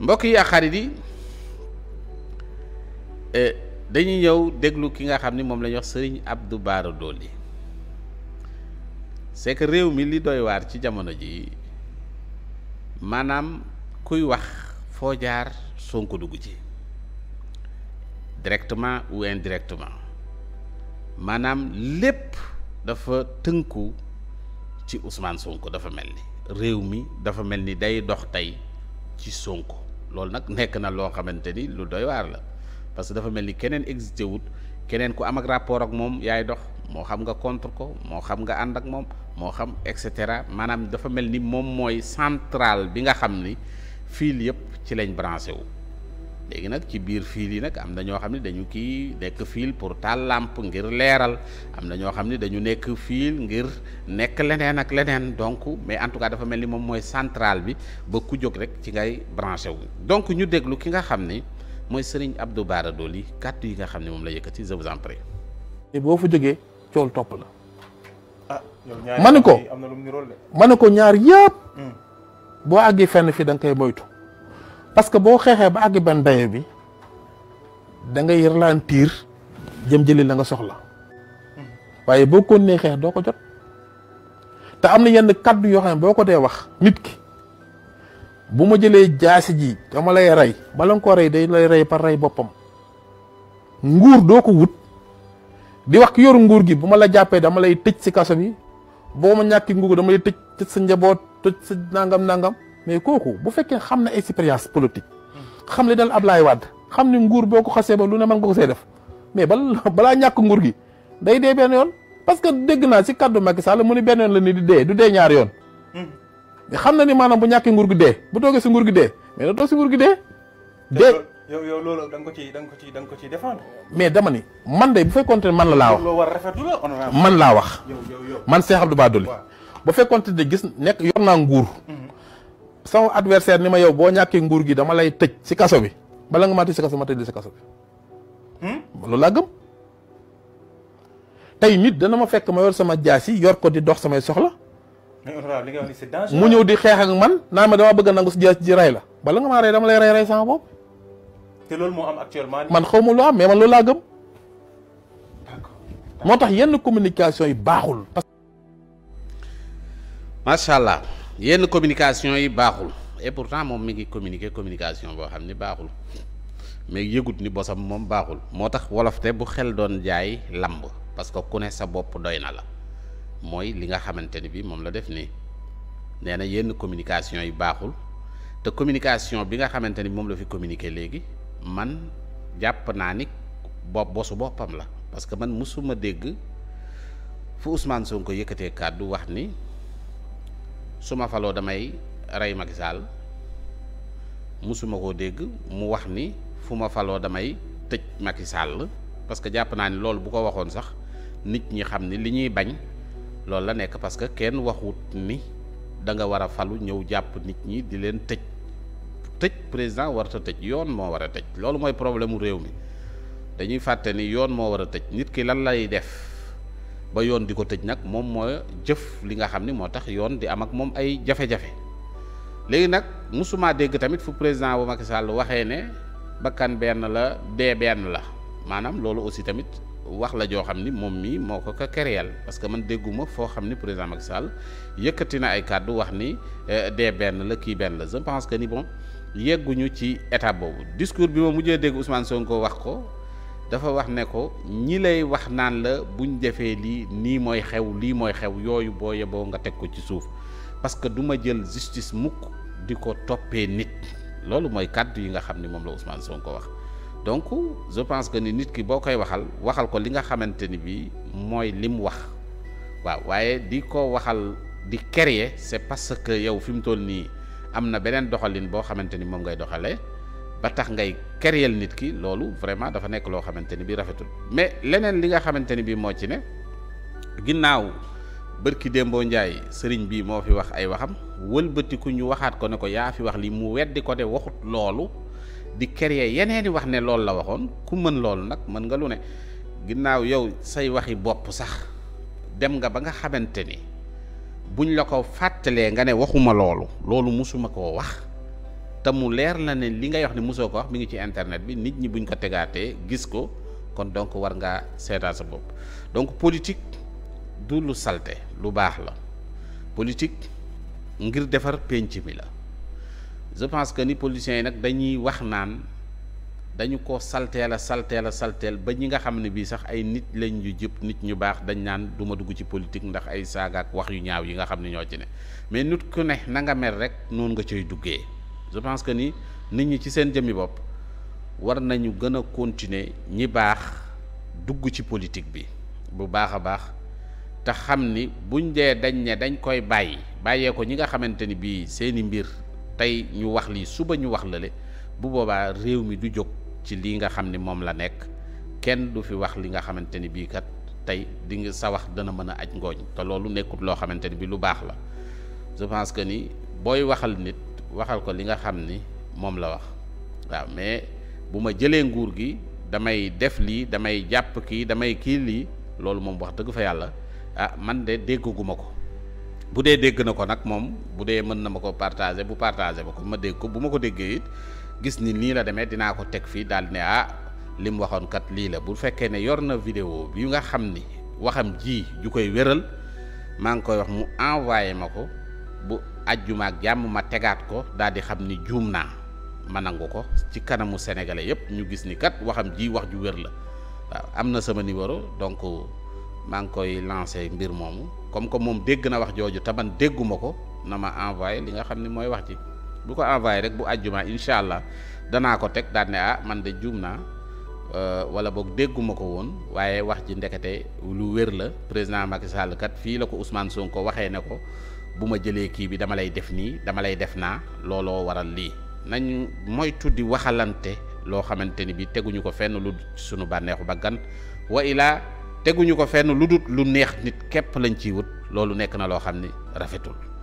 mbokk yi ak xarit yi eh, dañuy ñëw déglu ki nga xam ni moom lañu ñuy wax Serigne Abdou Bara Dolly c'est que réew mi li doy waar ci jamono ji maanaam kuy wax foo jaar Sonko dugg ci directement ou indirectement maanaam lépp dafa tënku ci usmaan Sonko dafa mel ni réew mi dafa mel ni day dox tey ci Sonko loolu nag nekk na loo xamante ni lu doy waar la parce que dafa mel ni keneen existé wut keneen ku am ak rapport ak moom yaay dox moo xam nga contre ko moo xam nga ànd ak moom moo xam et cetera maanaam dafa mel ni moom mooy centrale bi nga xam ni fil yëpp ci lañ branché wu. léegi nag ci biir fiil yi nag am na ñoo xam ne dañu kii nekk fiil pour taal làmp ngir leeral am na ñoo xam ne dañu nekk fiil ngir nekk leneen ak leneen donc mais en tout cas dafa mel ni moom mooy centrale bi ba ku jóg rek ci ngay branché wu donc ñu déglu ki nga xam ni mooy Serigne Abdou Bara Dolly kàddu yi nga xam ne moom la yëkkati je vous en prie. boo fa jógee cool topp la. Ah, ma ne ko ma ne ko ñaar yëpp. Hmm. boo àggee fenn fii da nga koy moytu. parce que boo xeexee ba àgg benn dayo bi da ngay ralentir jëm jëli la nga soxla waaye boo ko nee xeex doo ko jot te am na yenn kàddu yoo xam ne boo ko dee wax nit ki bu ma jëlee jaasi ji dama lay rey bala nga ko rey day lay rey par rey boppam nguur doo ko wut di wax ki yoru nguur gi bu ma la jàppee dama lay tëj si kaso bi boo ma ñàkki nguur dama lay tëj tëj sa njaboot tëj sa nangam nangam mais kooku bu fekkee xam na expérience politique. xam li dal Ablaye Wade xam ni nguur boo ko xasee ba lu ne mën nga ko see def mais bal balaa ñàkk nguur gi day dee benn yoon parce que dégg naa si kaddu Macky Sall mu ni benn yoon la ni di dee du dee ñaari yoon. Hmm. mais xam na ni maanaam bu ñàkkee nguur gi dee bu toogee si nguur gi dee mais da toog si nguur gi dee. dee yow yow loolu da nga ko ciy da nga ko ciy da ko ciy défendre. mais dama ni man de bu fekkoon ne man la laa wax loo war a rafetlu man laa wax. man Cheikh Abdou Bara Dolly bu fekkoon ne gis nekk yor naa nguur. Hmm. sama adversaire ni ma yow boo ñàkkee nguur gi dama lay tëj si kaso bi bala nga maa tëj si kaso ma tëj si kaso bi. Hmm? loolu laa gëm. tey nit dana ma fekk ma yor sama jaas yi yor ko di dox samay soxla. mu ñëw di xeex man naa ma dama bëgg a nangu si jaas ji ray la bala nga maa rey dama lay rey rey sama bopp. loolu moo am actuellement. man xaw ma lu am mais man loolu laa gëm. moo tax yenn communication yi baaxul. macha allah. yenn communication yi baaxul et pourtant moom mi ngi communiquer communication boo xam ni baaxul mais yëgut ni bosam moom baaxul moo tax wolof te bu xel doon jaay lamb parce que ku ne sa bopp doy na la mooy li nga xamante ni bi moom la def nii nee na yenn communication yi baaxul te communication bi nga xamante ni moom la fi communiquer léegi man jàpp naa ni bopp bosu boppam la parce que man mosuma dégg fu Ousmane Sonko yëkkatee kàddu wax ni su ma faloo damay rey Macky Sall musuma koo dégg mu wax ni fu ma faloo damay tëj Macky Sall parce que jàpp naa ni loolu bu ko waxoon sax nit ñi xam ni li ñuy bañ loolu la nekk parce que kenn waxut ni da nga war a falu ñëw jàpp nit ñi di leen tëj tëj président warut a tëj yoon moo war a tëj loolu mooy problème mu réew mi dañuy fàtte ni yoon moo war a tëj nit ki lan lay def. ba yoon di ko tëj nag moom moo jëf li nga xam ni moo tax yoon di am ak moom ay jafe-jafe léegi nag musuma dégg tamit fu président bu Macky Sall waxee ne bakkan benn la dee benn la maanaam loolu aussi tamit wax la joo xam ni moom mii moo ko ko kéréel parce que man dégguma foo xam ni président Macky Sall yëkkati na ay kàddu wax ni eh, dee benn la kii benn la je pense que ni bon yegguñu ci étape boobu discours bi ma mujjee dégg Ousmane Sonko wax ko. dafa wax ne ko ñi lay wax naan la buñ defee lii nii mooy xew lii mooy xew yooyu boo yeboo nga teg ko ci suuf parce que du ma jël justice mukk di ko toppee nit loolu mooy kàddu yi nga xam ni moom la Ousmane ko wax donc je pense que ni nit ki boo koy waxal waxal ko li nga xamante ni bii mooy li mu wax waaw waaye di ko waxal di créer c'est parce que yow fi mu toll nii am na beneen doxalin boo xamante ni moom ngay doxale ba tax ngay kereel nit ki loolu vraiment dafa nekk loo xamante ni bi rafetul mais leneen li nga xamante ni bi moo ci ne ginnaaw bërki démboo njaay sëriñ bi moo fi wax ay waxam wëlbatiku ñu waxaat ko ne ko yaa fi wax li mu weddi ko de waxut loolu di créer yeneeni wax ne loolu la waxoon ku mën loolu nag mën nga lu ne ginnaaw yow say waxi bopp sax dem nga ba nga xamante ni buñ la ko fàttalee nga ne waxuma loolu loolu musuma koo wax te mu leer la ne li ngay wax ne mosoo ko wax mi ngi ci internet bi nit ñi buñ ko tegaatee gis ko kon donc war ngaa seetaa sa bopp donc politique du lu lu baax la politique ngir defar penc mi la je pense que ni politiciens yi nag dañuy wax naan dañu ko salteel a salteel a salteel ba ñi nga xam ne bii sax ay nit lañ yu jëpp nit ñu baax dañ naan duma dugg ci politique ndax ay saagaak wax yu ñaaw yi nga xam ne ñoo ci ne mais nit ku ne na nga mel rek noonu nga cay duggee je pense que ni nit ñi ci seen jëmmi bopp war nañu gën a continuer ñi baax dugg ci politique bi bu baax a baax te xam ni buñ dee dañ ne dañ koy bàyyi bàyyee ko ñi nga xamante ni bii seeni mbir tey ñu wax lii suba ñu wax lale bu boobaa réew mi du jóg ci lii nga xam ni moom la nekk kenn du fi wax li nga xamante ni bii kat tey di nga sa wax dana mën a aj ngooñ te loolu nekkut loo xamante ni bii lu baax la je pense que ni booy waxal nit. waxal ko li nga xam ni moom la wax waaw mais bu ma jëlee nguur gi damay def lii damay jàpp kii damay kii lii loolu moom wax dëgg fa yàlla ah man de déggaguma ko bu dee dégg na ko nag moom bu dee mën na ma ko partager bu partager ma ko ma dégg ko bu ma ko déggee it gis ni nii la demee dinaa ko teg fii daal ne ah li mu waxoon kat lii la bu fekkee ne yor na vidéo bi nga xam ni waxam ji ju koy wéral maa ngi koy wax mu envoyé ma ko bu ajjuma ak jàmm ma tegaat ko daal di xam ni juum naa ma nangu ko ci kanamu sénégalais yëpp ñu gis ni kat waxam ji wax ju wér la waaw am na sama numéro donc maa ngi koy lancé mbir moomu comme que moom dégg na wax jooju te man dégguma ko na ma envoyé li nga xam ni mooy wax ji bu ko envoyé rek bu ajjuma incha allah danaa ko teg daal ah man de juum naa euh, wala boog dégguma ko woon waaye wax ji ndekete lu wér la président Macky Sall kat fii la ko Ousmane Sonko waxee ne ko. bu ma jëlee kii bi dama lay def nii dama lay def naa looloo waral lii nañ moytu di waxalante loo xamante ni bi teguñu ko fenn lu sunu bànneexu bakkan wa ilaa teguñu ko fenn lu dut lu neex nit képp lañ ciy wut loolu nekk na loo xam ni rafetul